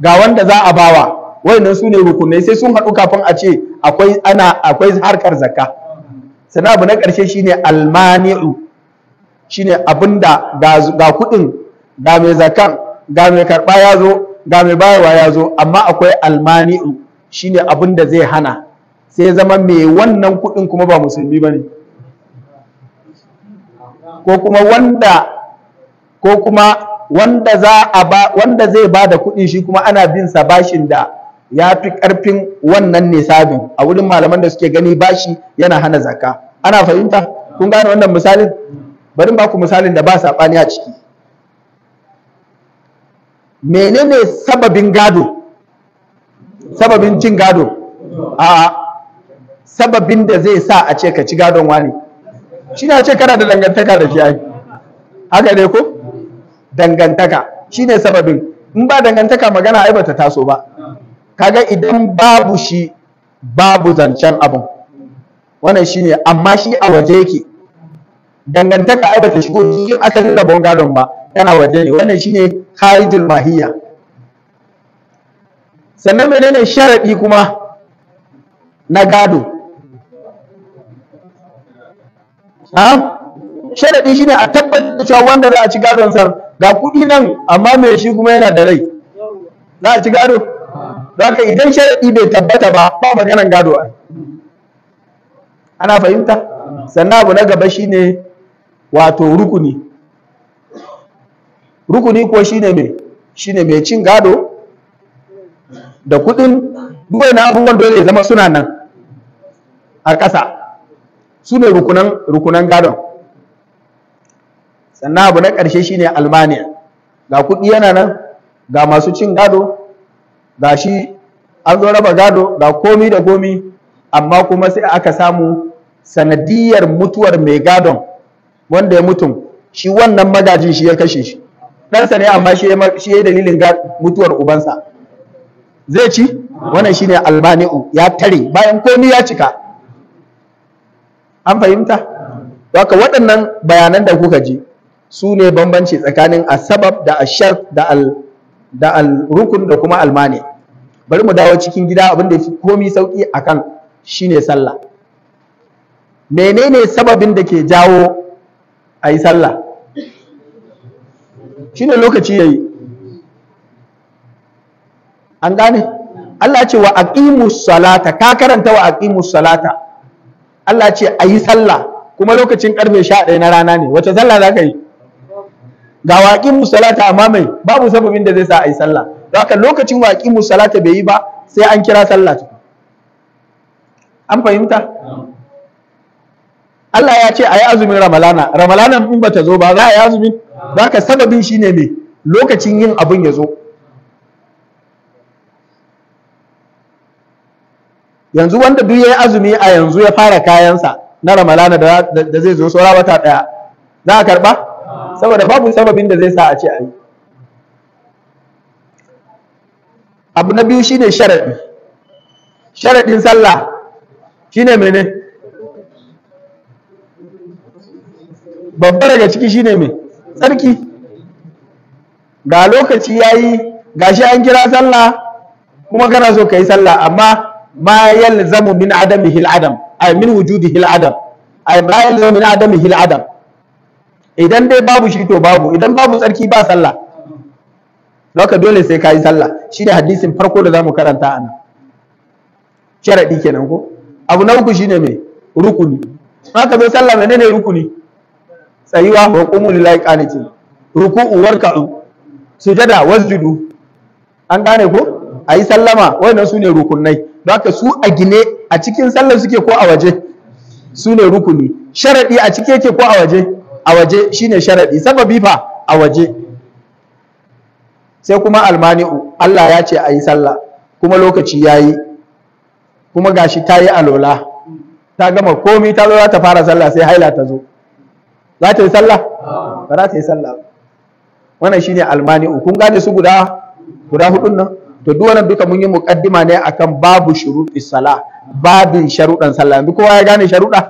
ga wanda za a bawa wayannan su ne rukunai sai sun haɗu kafin a ce akwai ana akwai harkar zakka sannan abu na ƙarshe shine almani'u shine abinda ga kuɗin ga mai zakan ga mai karɓa ya zo ga mai bayarwa ya zo amma akwai almani'u shine abin da zai hana sai zama mai wannan kuɗin kuma ba musulmi ba ne ko kuma wanda ko kuma wanda za a ba wanda zai ba da kuɗi shi kuma ana bin sa bashin da ya fi ƙarfin wannan ne sabin a wurin malaman da suke gani bashi yana hana zaka ana fahimta kun gane wannan misalin bari ba ku misalin da ba saɓani a ciki menene sababin gado sababin cin gado a sababin da zai sa a ce ka ci gadon wani shi na ce kana da dangantaka da shi ai haka ne ko dangantaka shi ne sababin in ba dangantaka magana ai bata taso ba kaga idan babu shi babu zancen abin wannan shi ne amma shi a waje yake dangantaka ai bata shigo cikin asalin rabon gadon ba yana wadda ne wannan shine kharijul mahiyya sannan menene sharadi kuma na gado ha sharadi shine a tabbatar da cewa wanda za a ci gadon sar ga kuɗi nan amma me shi kuma yana da rai za a ci gado don idan sharadi bai tabbata ba ba maganan gado a ana fahimta sannan abu na gaba shine wato rukuni rukuni kuwa shine mai shine mai cin gado da kudin duwai na abubuwan dole zama suna nan a ƙasa su ne rukunan gadon sannan abu na ƙarshe shine almaniya ga kudi yana nan ga masu cin gado ga shi an zo raba gado ga komi da komi amma kuma sai aka samu sanadiyar mutuwar mai gadon wanda ya mutum shi wannan magajin shi ya kashe shi ɗansa ne amma shi ya dalilin mutuwar ubansa zai ci wannan shi ne albani'u ya tare bayan komi ya cika an fahimta waka waɗannan bayanan da kuka ji su ne bambanci tsakanin sabab da a da da al rukun da kuma almani bari mu dawo cikin gida abin da komi sauki akan ne sallah menene sababin da ke jawo a yi sallah Shi ne lokaci ya yi. an gane Allah ce wa aqimus salata ka karanta wa aqimus salata Allah ce a yi sallah kuma lokacin karfe 11 na rana ne wace sallah ka yi ga waƙin salata amma mai babu sababin da zai sa a yi sallah don haka lokacin waƙin salata bai yi ba sai an kira sallah an fahimta Allah ya ce a yi azumin ramalana ramalana in bata zo ba za a yi azumin Baka sababin ne mai lokacin yin abin ya zo. Yanzu wanda duk ya yi azumi a yanzu ya fara kayansa na Ramalana da zai zo saura wata ɗaya, za a karɓa? Saboda babu sababin da zai sa a ce a yi. Abu na biyu shine sharaɗi. Sharaɗin sallah ne mene? Babba daga ciki shi ne mai? tsarki ga lokaci ya yi gashi an kira sallah kuma kana so ka yi sallah amma ma yalzamu min adamihi al-adam ay min wujudihi al-adam ay ma yalzamu min adamihi al-adam idan dai babu shi to babu idan babu tsarki ba sallah haka dole sai ka yi sallah shi ne hadisin farko da zamu karanta nan. sharadi kenan ko abu na uku shine me rukuni haka zo sallah menene rukuni tsayuwa wa qumu lillahi qanitin uwar warka'u sujada wasjudu an gane ko yi sallama wannan ne rukunai ka su a gine a cikin sallar suke ko a waje su ne rukuni sharaɗi a cike yake ko a waje a waje shine sharaɗi sababi fa a waje sai kuma almani'u Allah ya ce a yi sallah kuma lokaci ya yi, kuma gashi tayi alola ta gama komai ta zo ta fara sallah sai haila ta zo za ta yi sallah ba za ta yi sallah wannan shine almani kun gane su guda guda hudun nan to duk wannan duka mun yi muqaddima ne akan babu shuruɗi sala babin sharuɗan sallah yanzu kowa ya gane sharuɗa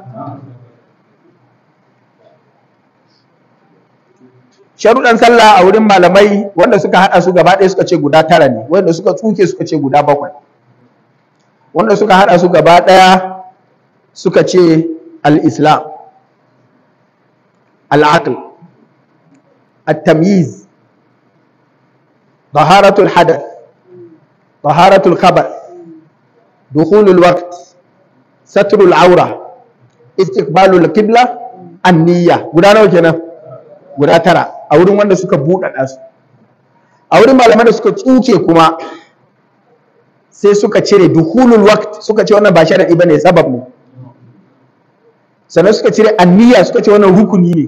sharuɗan sallah a wurin malamai wanda suka haɗa su gaba ɗaya suka ce guda tara ne wanda suka tsuke suka ce guda bakwai wanda suka haɗa su gaba ɗaya suka ce al-islam العقل التمييز طهارة الحدث طهارة الخبر دخول الوقت ستر العورة استقبال القبلة النية غدانا kenan guda tara a wurin wanda suka buɗaɗa su a wurin malamai da suka tsuke kuma sai suka cire duhulul waqt suka ce wannan ba sharadi bane sabab ne sannan suka cire anniya suka ce wannan rukuni ne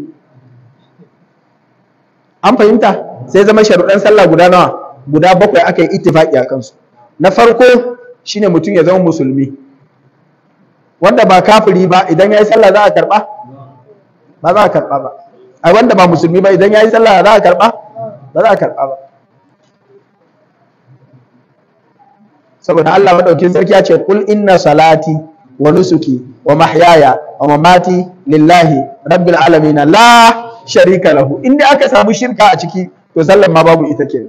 an fahimta sai zama sharuɗan sallah guda nawa guda bakwai aka yi ittifaki a kansu na farko shine mutum ya zama musulmi wanda ba kafiri ba idan ya yi sallah za a karɓa ba za a karɓa ba a wanda ba musulmi ba idan ya yi sallah za a karɓa ba za a karɓa ba saboda Allah madaukin sarki ya ce kul inna salati wa nusuki wa mahyaya wa mamati lillahi rabbil alamin la sharika lahu inda aka samu shirka a ciki to sallan ma babu ita ke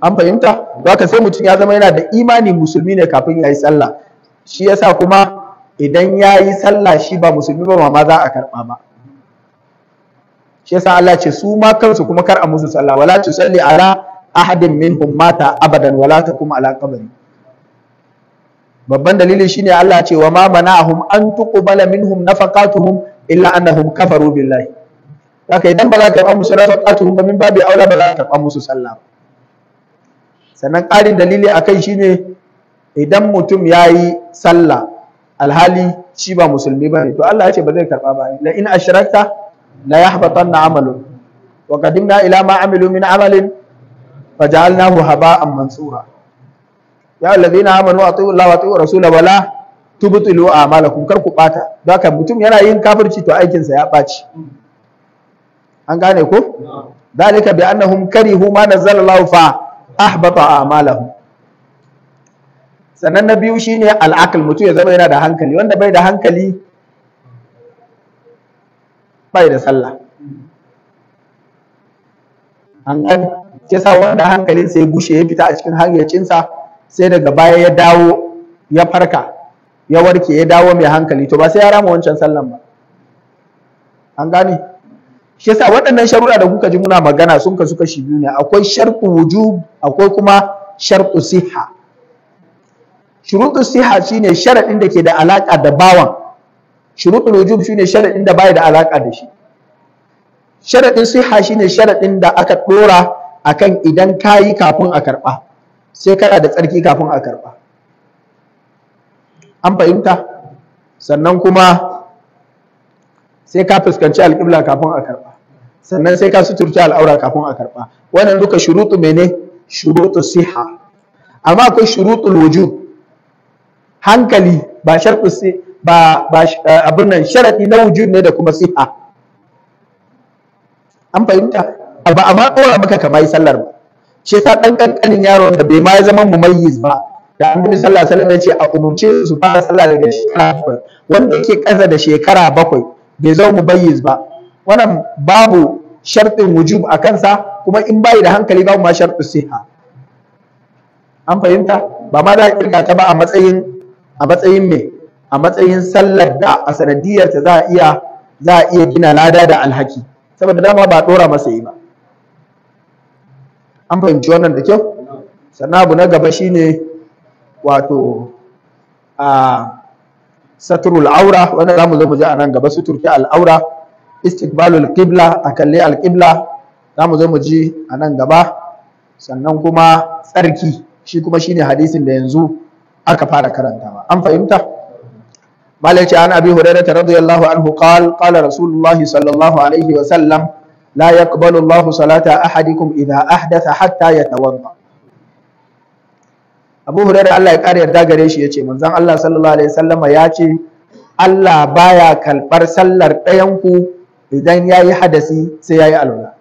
an fahimta aka sai mutum ya zama yana da imani musulmi ne kafin ya yi sallah shi yasa kuma idan ya yi sallah shi ba musulmi ba ma za a karɓa ba shi yasa Allah ce su ma kansu kuma kar a musu sallah wala tusalli ala ahadin minhum mata abadan wala takum ala qabri babban dalili shine Allah ce wa ma mana'ahum an tuqbala minhum nafaqatuhum illa annahum kafaru billahi haka idan ba za ka karɓa musu nafaqatuhum ba min babi aula ba za ka karɓa musu sallah sannan ƙarin dalili akan shine idan mutum yayi sallah alhali shi ba musulmi bane to Allah ya ce ba zai karɓa ba la in ashrakta la yahbatanna amalu wa qadimna ila ma amilu min amalin fajalnahu haba'an mansura ya allazina amanu atiu Allah wa atiu rasul wala tubtilu a'malakum kar ku bata haka mutum yana yin kafirci to aikin sa ya baci an gane ko dalika bi annahum karihu ma nazzala Allah fa ahbata a'malahum sannan na biyu shine al'aql mutum ya zama yana da hankali wanda bai da hankali bai da sallah an gane ke sa wanda hankalin sai gushe ya fita a cikin hayyacinsa sai daga baya ya dawo ya farka ya warke ya dawo mai hankali to ba sai ya rama wancan sallan ba an gane shi yasa waɗannan sharuɗa da kuka ji muna magana sun kasu kashi biyu ne akwai sharku wujub akwai kuma sharku siha shuruɗu siha shine sharaɗin da ke da alaƙa da bawan shuruɗu wujub shine sharaɗin da bai da alaƙa da shi sharaɗin siha shine sharaɗin da aka ɗora akan idan kayi kafin a karɓa sai kana da tsarki kafin a karba an fahimta sannan kuma sai ka fuskanci alƙibla kafin a karba sannan sai ka suturci al'aura kafin a karba wannan duka shurutu mene shurutu siha amma akwai shurutu wujub hankali ba sharfi sai ba ba abin nan sharadi na wujud ne da kuma siha an fahimta ba amma ɗora maka kamar sallar ba shi ta dan kankanin yaron da bai ma ya zama mumayyiz ba da an bi sallah sallah ya ce a umarci su fara sallah daga shekara bakwai wanda yake ƙasa da shekara bakwai bai zama mumayyiz ba wannan babu sharɗin wujub a kansa kuma in bai da hankali babu ma sharɗi siha an fahimta ba ma a kirka ta ba a matsayin a matsayin me a matsayin sallar da a sanadiyar ta za a iya za a iya gina lada da alhaki saboda dama ba a dora masa yi ba an fahimci wannan da kyau sannan abu na gaba shine wato a saturul aura wannan za mu zo mu ji a nan gaba suturta al'aura istiqbalul qibla a kalli alqibla za mu zo mu ji a nan gaba sannan kuma tsarki shi kuma shine hadisin da yanzu aka fara karantawa an fahimta malai an abi hurairah radiyallahu anhu qala qala rasulullahi sallallahu alaihi wa sallam la yaqbalu Allahu salata ahadikum idha ahdatha hatta ya Abu Hurairah Allah ya kare yarda gare shi yace manzon Allah sallallahu alaihi wasallama yace Allah baya kalbar sallar ɗayan ku idan yayi hadasi sai yayi alwala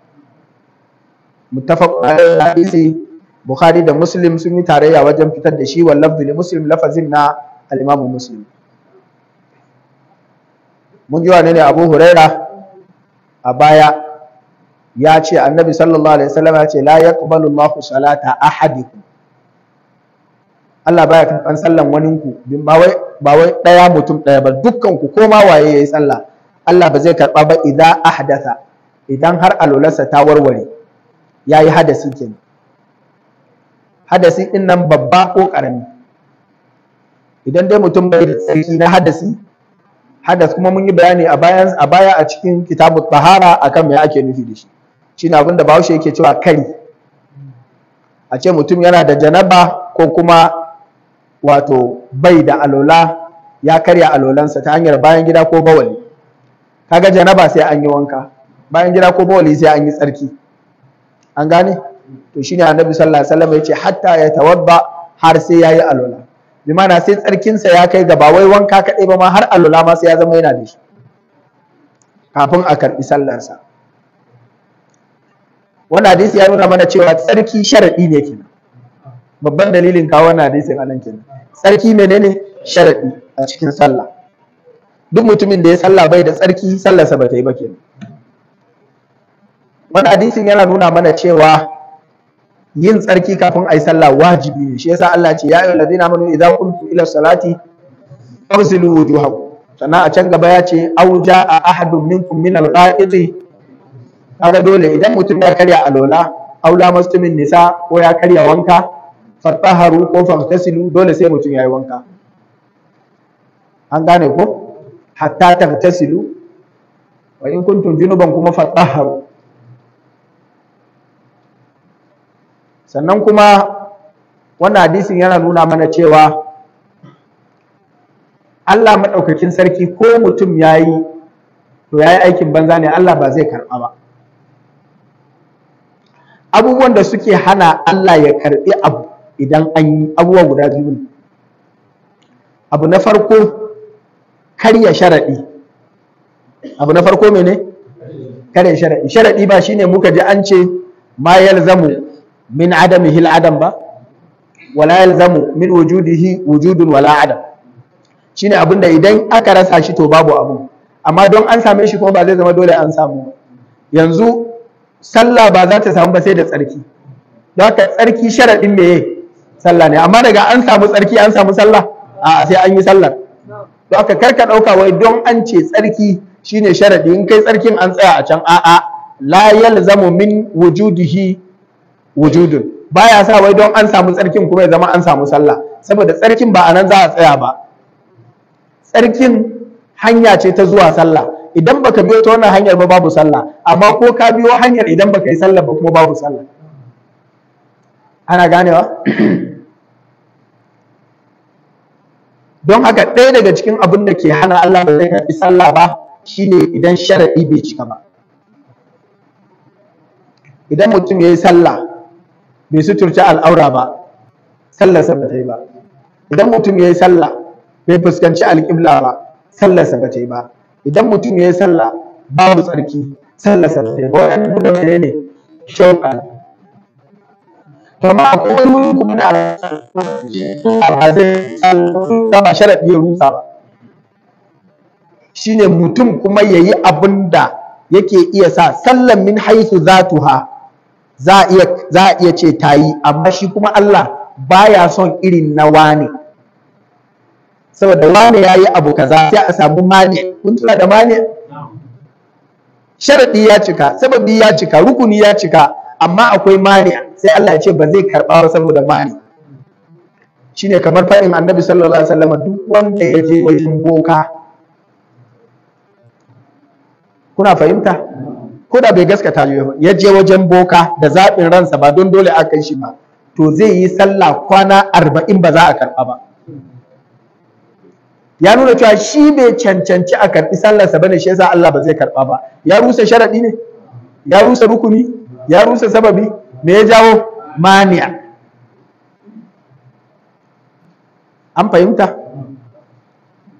muttafaq alaihi Bukhari da Muslim sun yi tarayya wajen fitar da shi wallaf da Muslim na al-Imam Muslim mun ji wane ne Abu Huraira a baya ya ce annabi sallallahu alaihi wasallam ya ce la yaqbalu Allahu salata ahadikum Allah baya karɓan sallan waninku ba wai ba wai daya mutum daya ba dukkan ku ko ma waye yayi sallah Allah ba zai karba ba idan ahdatha idan har alularsa ta warware yayi hadasi kenan hadasi din nan babba ko karami idan dai mutum bai da tsarki na hadasi hadas kuma mun yi bayani a baya a cikin kitabut tahara akan me ake nufi da shi shi na abinda bahaushe yake cewa kari a ce mutum yana da janaba ko kuma wato bai da alola ya karya alolansa ta hanyar bayan gida ko bawali kaga janaba sai an yi wanka bayan gida ko bawali sai an yi tsarki an gane to shine annabi sallallahu alaihi wasallam yace hatta ya tawabba har sai yayi alola bi ma'ana sai tsarkinsa ya kai ga ba wai wanka kaɗai ba ma har alola ma sai ya zama yana da shi kafin a karɓi sallarsa wannan hadisi ya nuna mana cewa tsarki sharadi ne kenan babban dalilin kawo wannan hadisin anan kenan tsarki menene sharadi a cikin sallah duk mutumin da ya sallah bai da tsarki sallarsa ba ta yi ba kenan wannan hadisin yana nuna mana cewa yin tsarki kafin a yi sallah wajibi ne shi yasa Allah ce ya ayyuhal ladina amanu idza qumtum ila salati fagsilu wujuhakum sannan a can gaba ya ce auja a ahadun minkum min al qaidi kaga dole idan mutum ya karya alola aula mastumin nisa ko ya karya wanka fataharu ko fantasilu dole sai mutum ya yi wanka an gane ko hatta tahtasilu wa in kuntum junuban kuma fataharu. sannan kuma wannan hadisin yana nuna mana cewa Allah maɗaukakin sarki ko mutum ya yi to ya yi aikin banza ne Allah ba zai karɓa ba abubuwan da suke hana Allah ya karbi abu idan an yi abubuwa guda biyu ne abu na farko karya sharaɗi abu na farko mene karya sharaɗi sharaɗi ba shine muka ji an ce ma yalzamu min adami hil adam ba wala yalzamu min wujudihi wujudun wala adam shine abin da idan aka rasa shi to babu abu amma don an same shi kuma ba zai zama dole an samu yanzu sallah ba za ta samu ba sai da tsarki don haka tsarki sharaɗin meye salla ne amma daga an samu tsarki an samu sallah a sai an yi sallar don haka karka ɗauka wai don an ce tsarki shine sharaɗi in kai tsarkin an tsaya a can a'a la yalzamu min wujudihi wujudun baya sa wai don an samu tsarkin kuma ya zama an samu sallah saboda tsarkin ba a nan za a tsaya ba tsarkin hanya ce ta zuwa sallah idan baka bi ta wannan hanyar ba babu sallah amma ko ka biyo hanyar idan baka yi sallah ba kuma babu sallah ana ganewa don haka ɗaya daga cikin abin da ke hana Allah ba zai karɓi sallah ba shine idan sharaɗi bai cika ba idan mutum ya yi sallah bai suturta al'aura ba sa ba ta yi ba idan mutum ya yi sallah bai fuskanci alƙibla ba sa ba ta yi ba idan mutum ya yi sallah babu tsarki sallah sallah wannan da mene ne shauƙa kuma akwai mun kuma da alhazai da ba sharaɗi ya rusa ba shine mutum kuma yayi abin da yake iya sa sallan min haisu za tu ha, za iya ce ta yi, amma shi kuma Allah baya son irin na wane saboda wane yayi abu kaza sai a samu mani kun tuna da mani sharadi ya cika sababi ya cika rukuni ya cika amma akwai mani sai Allah ya ce ba zai karba ba saboda mani shine kamar fa'in annabi sallallahu alaihi wasallam duk wanda ya je wajen boka kuna fahimta ko da bai gaskata ya je wajen boka da zaɓin ransa ba don dole a kai shi ba to zai yi sallah kwana arba'in ba za a karɓa ba ya nuna cewa shi bai cancanci a karɓi sallarsa bane shi yasa Allah ba zai karɓa ba ya rusa sharadi ne ya rusa rukuni ya rusa sababi me ya jawo Mania. an fahimta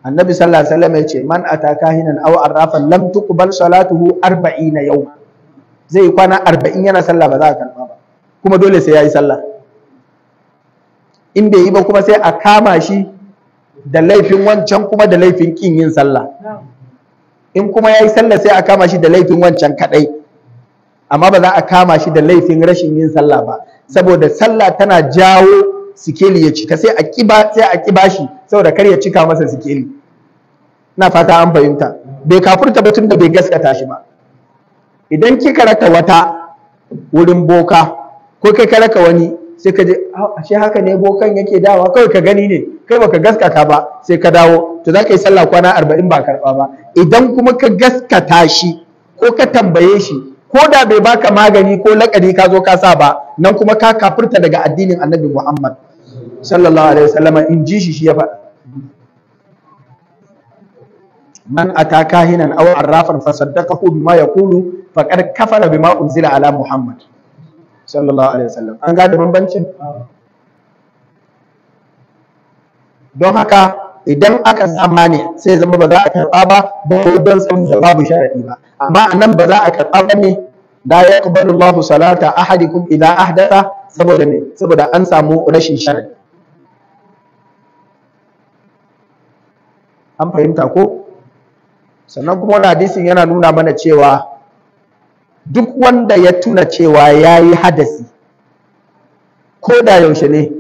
annabi sallallahu alaihi wasallam ya ce man ataka hinan aw arrafan lam tuqbal salatuhu 40 yawma zai kwana 40 yana sallah ba za a karɓa ba kuma dole sai yayi sallah in bai yi ba kuma sai a kama shi da laifin wancan kuma da laifin kin yin sallah in kuma ya yi sallah sai a kama shi da laifin wancan kadai amma ba za a kama shi da laifin rashin yin sallah ba saboda sallah tana jawo sikeli ya cika sai a kiba sai a kiba shi saboda kar ya cika masa sikeli na fata an fahimta bai kafurta ba tunda bai gaskata shi ba idan kika raka wata wurin boka ko kai ka raka wani sai ka je ashe haka ne bokan yake dawa kawai ka gani ne kai ba baka gaskata ba sai ka dawo to za ka yi sallah kwana arba'in ba karba ba idan kuma ka gaskata shi ko ka tambaye shi ko da bai baka magani ko lakari ka zo ka sa ba nan kuma ka kafirta daga addinin annabi Muhammad sallallahu alaihi wasallam in ji shi shi ya faɗa man ataka hinan aw arrafan saddaqahu bima yaqulu faqad kafara bima unzila ala Muhammad sallallahu alaihi wasallam an gada bambancin don haka idan aka zama sai zama ba za a karɓa ba ba ko don da babu sharadi ba amma anan nan ba za a karɓa ba ne da ya kubar Allah salata ahadikum idan ahdasa saboda ne saboda an samu rashin sharadi an fahimta ko sannan kuma hadisin yana nuna mana cewa duk wanda ya tuna cewa ya yi hadasi ko da yaushe ne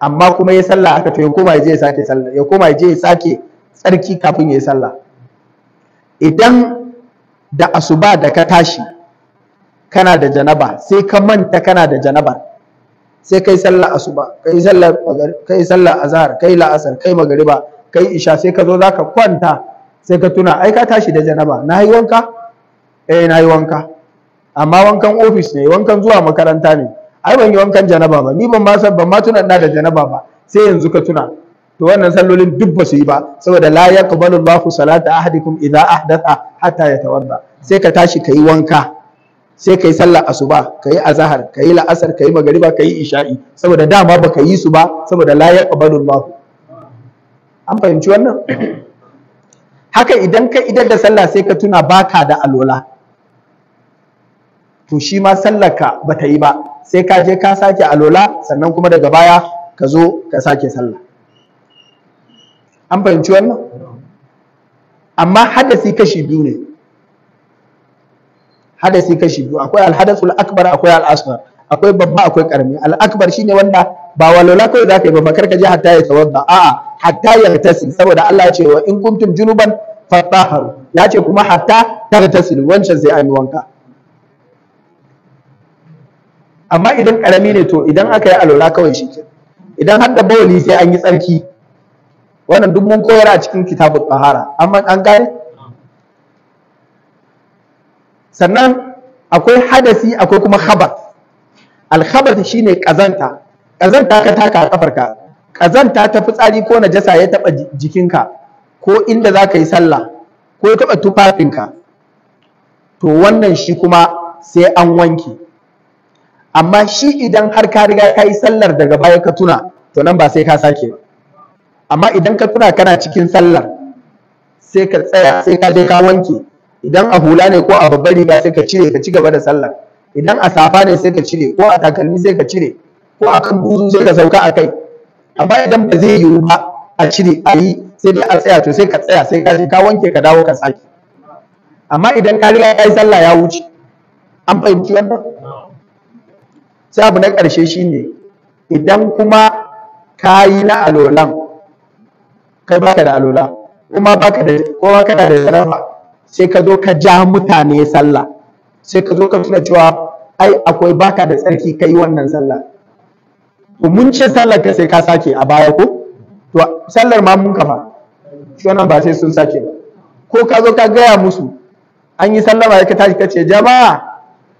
amma kuma ya sallah aka to ya koma ya je ya sake sallah ya koma ya je ya sake tsarki kafin ya yi sallah idan da asuba da ka tashi kana da janaba sai ka manta kana da janaba sai kai sallah asuba kai sallah kai sallah azhar kai la'asar kai magariba kai isha sai ka zo zaka kwanta sai ka tuna ai ka tashi da janaba na yi wanka eh na yi wanka amma wankan ofis ne wankan zuwa makaranta ne ai ban yi wankan janaba ba ni ban ma san ban ma tuna da janaba ba sai yanzu ka tuna to wannan sallolin duk ba su yi ba saboda la yaqbalu Allahu salata ahadikum idza ahdatha hatta yatawadda sai ka tashi ka yi wanka sai ka yi sallar asuba ka yi azahar ka yi la'asar ka yi magariba ka yi isha'i saboda dama ba ka yi su ba saboda la yaqbalu Allahu an fahimci wannan haka idan ka idar da sallah sai ka tuna baka da alwala to shi ma sallarka ba ta yi ba sai ka je ka sake alola sannan kuma daga baya ka zo ka sake sallah an fahimci wannan amma hadasi kashi biyu ne hadasi kashi biyu akwai alhadasul akbar akwai al'asghar akwai babba akwai karami al'akbar shine wanda ba walola kawai za ka yi ba ka karka je hatta ya tawadda a'a hatta ya tasi saboda Allah ya ce wa in kuntum junuban fatahar ya ce kuma hatta ta tasi wancan sai an wanka amma idan karami ne to idan aka yi alwala kawai shi idan har da bawali sai an yi tsarki wannan duk mun koyar a cikin kitabul tahara amma an gane sannan akwai hadasi akwai kuma khabar alkhabar shine kazanta kazanta ka taka kafarka kazanta ta fi tsari ko najasa ya taba jikinka ko inda za ka yi sallah ko ya taba tufafinka to wannan shi kuma sai an wanke amma shi idan har ka riga ka yi sallar daga baya ka tuna to nan ba sai ka sake ba amma idan ka tuna kana cikin sallar sai ka tsaya sai ka je ka wanke idan a hula ne ko a babbar riga sai ka cire ka ci gaba da sallar idan a safa ne sai ka cire ko a takalmi sai ka cire ko a kan buzu sai ka sauka a kai amma idan ba zai yiwu ba a cire a yi sai dai a tsaya to sai ka tsaya sai ka je ka wanke ka dawo ka sake amma idan ka riga ka yi sallah ya wuce an fahimci wannan sai abu na ƙarshe shine idan kuma ka yi na alolan kai baka da alola kuma baka da ko baka da jaraba sai ka zo ka ja mutane sallah sai ka zo ka tuna cewa ai akwai baka da tsarki kai wannan sallah to mun ce sallar ka sai ka sake a baya ko to sallar ma mun kafa shi wannan ba sai sun sake ko ka zo ka gaya musu an yi sallama ya ka tashi ka ce jama'a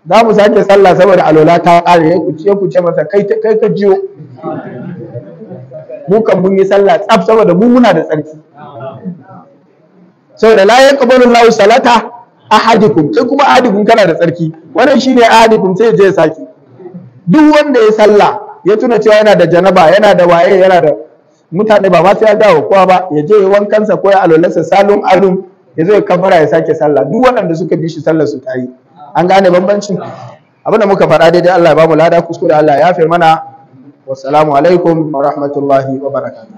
za mu sake sallah saboda alola ta ƙare ya kuce ya kuce masa kai ka jiyo mu kan mun yi sallah tsaf saboda mu muna da tsarki saboda la yaqbalu Allahu salata ahadikum sai kuma ahadikum kana da tsarki wannan shine ahadikum sai je ya duk wanda ya sallah ya tuna cewa yana da janaba yana da waye yana da mutane ba ma sai ya kowa ba ya je wankansa ko ya alolarsa salon alum ya zai ya kafara ya sake sallah duk waɗanda suka bi shi sallar su ta yi an gane bambancin abinda muka faɗa daidai Allah ya bamu lada kuskure Allah ya yafe mana wassalamu alaikum wa rahmatullahi wa barakatuh